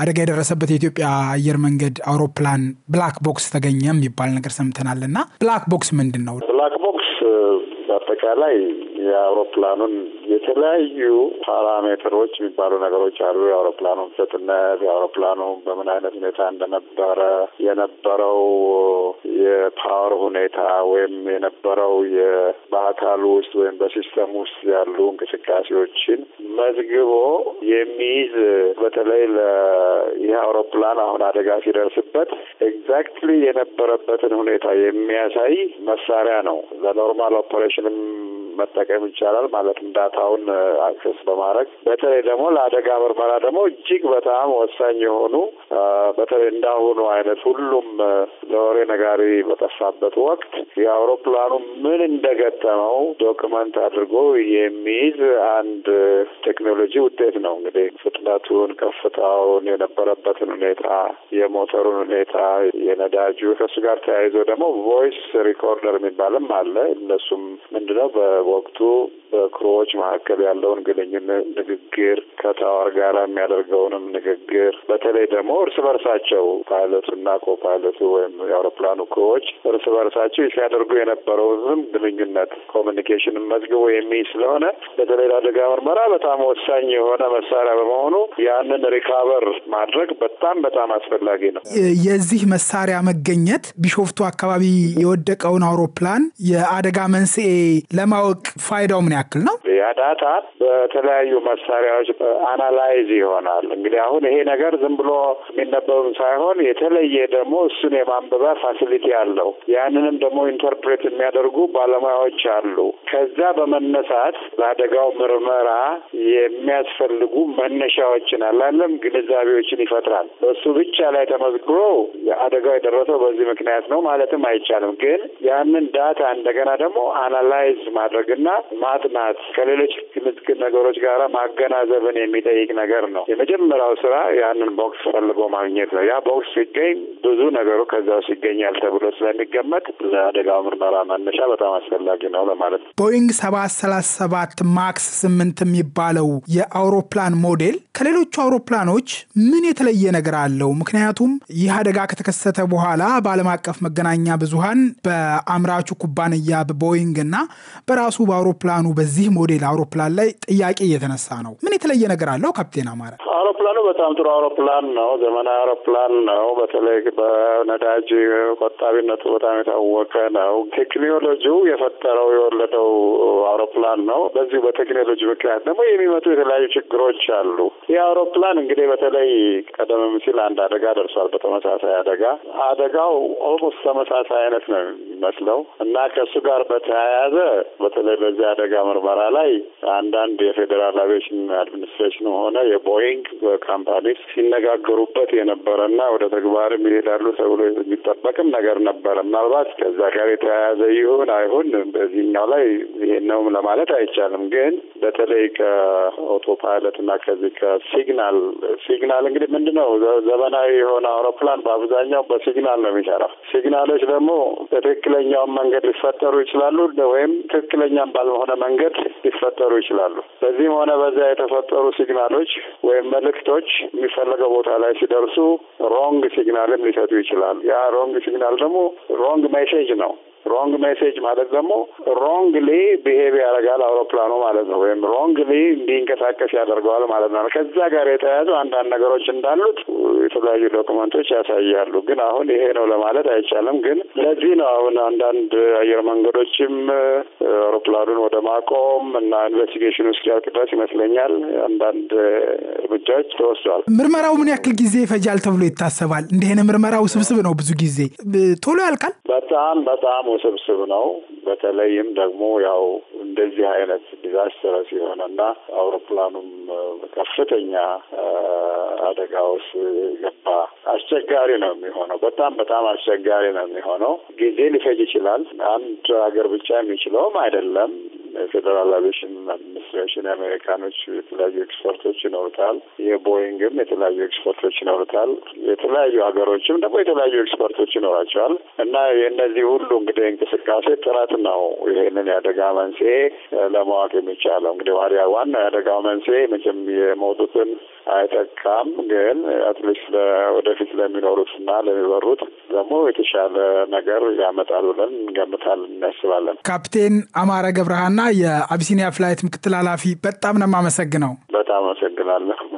አደጋ የደረሰበት የኢትዮጵያ አየር መንገድ አውሮፕላን ብላክ ቦክስ ተገኘ የሚባል ነገር ሰምተናል እና ብላክ ቦክስ ምንድን ነው? ብላክ ቦክስ በአጠቃላይ የአውሮፕላኑን የተለያዩ ፓራሜትሮች የሚባሉ ነገሮች አሉ። የአውሮፕላኑን ፍጥነት፣ የአውሮፕላኑ በምን አይነት ሁኔታ እንደነበረ፣ የነበረው የፓወር ሁኔታ ወይም የነበረው በአካል ውስጥ ወይም በሲስተም ውስጥ ያሉ እንቅስቃሴዎችን መዝግቦ የሚይዝ በተለይ ይህ አውሮፕላን አሁን አደጋ ሲደርስበት ኤግዛክትሊ የነበረበትን ሁኔታ የሚያሳይ መሳሪያ ነው። ለኖርማል ኦፐሬሽንም መጠቀም ይቻላል። ማለት ዳታውን አክሰስ በማድረግ በተለይ ደግሞ ለአደጋ ምርመራ ደግሞ እጅግ በጣም ወሳኝ የሆኑ በተለይ እንዳሁኑ አይነት ሁሉም ለወሬ ነጋሪ በጠፋበት ወቅት የአውሮፕላኑ ምን እንደገጠመው ዶክመንት አድርጎ የሚይዝ አንድ ቴክኖሎጂ ውጤት ነው። እንግዲህ ፍጥነቱን፣ ከፍታውን፣ የነበረበትን ሁኔታ፣ የሞተሩን ሁኔታ፣ የነዳጁ ከሱ ጋር ተያይዞ ደግሞ ቮይስ ሪኮርደር የሚባልም አለ። እነሱም ምንድነው በ وقتو በክሮዎች መካከል ያለውን ግንኙነት ንግግር፣ ከታዋር ጋር የሚያደርገውንም ንግግር በተለይ ደግሞ እርስ በርሳቸው ፓይለቱና ኮፓይለቱ ወይም የአውሮፕላኑ ክሮዎች እርስ በርሳቸው ሲያደርጉ የነበረውንም ግንኙነት ኮሚኒኬሽን መዝግቦ የሚይዝ ስለሆነ በተለይ ለአደጋ ምርመራ በጣም ወሳኝ የሆነ መሳሪያ በመሆኑ ያንን ሪካቨር ማድረግ በጣም በጣም አስፈላጊ ነው። የዚህ መሳሪያ መገኘት ቢሾፍቱ አካባቢ የወደቀውን አውሮፕላን የአደጋ መንስኤ ለማወቅ ፋይዳው ምን der ያ ዳታ በተለያዩ መሳሪያዎች አናላይዝ ይሆናል። እንግዲህ አሁን ይሄ ነገር ዝም ብሎ የሚነበብም ሳይሆን የተለየ ደግሞ እሱን የማንበቢያ ፋሲሊቲ አለው። ያንንም ደግሞ ኢንተርፕሬት የሚያደርጉ ባለሙያዎች አሉ። ከዛ በመነሳት ለአደጋው ምርመራ የሚያስፈልጉ መነሻዎችን አላለም ግንዛቤዎችን ይፈጥራል። በሱ ብቻ ላይ ተመዝግሮ አደጋው የደረሰው በዚህ ምክንያት ነው ማለትም አይቻልም። ግን ያንን ዳታ እንደገና ደግሞ አናላይዝ ማድረግና ማጥናት ከሌሎች ምስክር ነገሮች ጋር ማገናዘብን የሚጠይቅ ነገር ነው። የመጀመሪያው ስራ ያንን ቦክስ ፈልጎ ማግኘት ነው። ያ ቦክስ ሲገኝ ብዙ ነገሩ ከዛው ሲገኛል ይገኛል ተብሎ ስለሚገመት ለአደጋው ምርመራ መነሻ በጣም አስፈላጊ ነው ለማለት ነው። ቦይንግ ሰባት ሰላሳ ሰባት ማክስ ስምንት የሚባለው የአውሮፕላን ሞዴል ከሌሎቹ አውሮፕላኖች ምን የተለየ ነገር አለው? ምክንያቱም ይህ አደጋ ከተከሰተ በኋላ በዓለም አቀፍ መገናኛ ብዙሃን በአምራቹ ኩባንያ በቦይንግ እና በራሱ በአውሮፕላኑ በዚህ ሞዴል አውሮፕላን ላይ ጥያቄ እየተነሳ ነው። ምን የተለየ ነገር አለው? ካፕቴን አማረ አውሮፕላኑ በጣም ጥሩ አውሮፕላን ነው። ዘመናዊ አውሮፕላን ነው። በተለይ በነዳጅ ቆጣቢነቱ በጣም የታወቀ ነው። ቴክኖሎጂው የፈጠረው የወለደው አውሮፕላን ነው። በዚሁ በቴክኖሎጂ ምክንያት ደግሞ የሚመጡ የተለያዩ ችግሮች አሉ። የአውሮፕላን እንግዲህ በተለይ ቀደም ሲል አንድ አደጋ ደርሷል። በተመሳሳይ አደጋ አደጋው ኦልሞስት ተመሳሳይ አይነት ነው የሚመስለው እና ከእሱ ጋር በተያያዘ በተለይ በዚህ አደጋ ምርመራ ላይ አንዳንድ የፌዴራል አቪዬሽን አድሚኒስትሬሽን ሆነ የቦይንግ ካምፓኒ ሲነጋገሩበት የነበረ የነበረና ወደ ተግባርም ይሄዳሉ ተብሎ የሚጠበቅም ነገር ነበረ። ምናልባት ከዛ ጋር የተያያዘ ይሁን አይሁን በዚህኛው ላይ ይሄን ነውም ለማለት አይቻልም። ግን በተለይ ከኦቶ ፓይለት እና ከዚህ ሲግናል ሲግናል እንግዲህ ምንድን ነው ዘመናዊ የሆነ አውሮፕላን በአብዛኛው በሲግናል ነው የሚሰራው። ሲግናሎች ደግሞ በትክክለኛውን መንገድ ሊፈጠሩ ይችላሉ ወይም ትክክለኛም ባልሆነ መንገድ ሊፈጠሩ ይችላሉ። በዚህም ሆነ በዚያ የተፈጠሩ ሲግናሎች ወይም መልእክቶች የሚፈለገው ቦታ ላይ ሲደርሱ ሮንግ ሲግናልም ሊሰጡ ይችላሉ። ያ ሮንግ ሲግናል ደግሞ ሮንግ ሜሴጅ ነው። ሮንግ ሜሴጅ ማለት ደግሞ ሮንግሊ ብሄቭ ያደርጋል አውሮፕላኑ ማለት ነው። ወይም ሮንግሊ እንዲንቀሳቀስ ያደርገዋል ማለት ነው። ከዛ ጋር የተያያዙ አንዳንድ ነገሮች እንዳሉት የተለያዩ ዶክመንቶች ያሳያሉ። ግን አሁን ይሄ ነው ለማለት አይቻልም። ግን ለዚህ ነው አሁን አንዳንድ አየር መንገዶችም አውሮፕላኑን ወደ ማቆም እና ኢንቨስቲጌሽን እስኪያልቅ ድረስ ይመስለኛል አንዳንድ እርምጃዎች ተወስደዋል። ምርመራው ምን ያክል ጊዜ ይፈጃል ተብሎ ይታሰባል? እንዲህ ምርመራ ውስብስብ ነው። ብዙ ጊዜ ቶሎ ያልቃል። በጣም በጣም ውስብስብ ነው። በተለይም ደግሞ ያው እንደዚህ አይነት ዲዛስተረስ የሆነና አውሮፕላኑም ከፍተኛ አደጋ ውስጥ ገባ፣ አስቸጋሪ ነው የሚሆነው። በጣም በጣም አስቸጋሪ ነው የሚሆነው። ጊዜ ሊፈጅ ይችላል። አንድ ሀገር ብቻ የሚችለውም አይደለም። ፌዴራል አቪዬሽን አድሚኒስትሬሽን የአሜሪካኖች የተለያዩ ኤክስፐርቶች ይኖሩታል። የቦይንግም የተለያዩ ኤክስፐርቶች ይኖሩታል። የተለያዩ ሀገሮችም ደግሞ የተለያዩ ኤክስፐርቶች ይኖራቸዋል እና የእነዚህ ሁሉ እንግዲህ እንቅስቃሴ ጥረት ነው ይሄንን የአደጋ መንስኤ ለማወቅ የሚቻለው። እንግዲህ ዋሪያ ዋናው የአደጋው መንስኤ መቼም የሞቱትን አይጠቃም፣ ግን አትሊስት ወደፊት ለሚኖሩት እና ለሚበሩት ደግሞ የተሻለ ነገር ያመጣል ብለን እንገምታለን እናስባለን። ካፕቴን አማረ ገብረሃና የአቢሲኒያ ፍላይት ምክትል ኃላፊ፣ በጣም ነው የማመሰግነው። በጣም አመሰግናለሁ።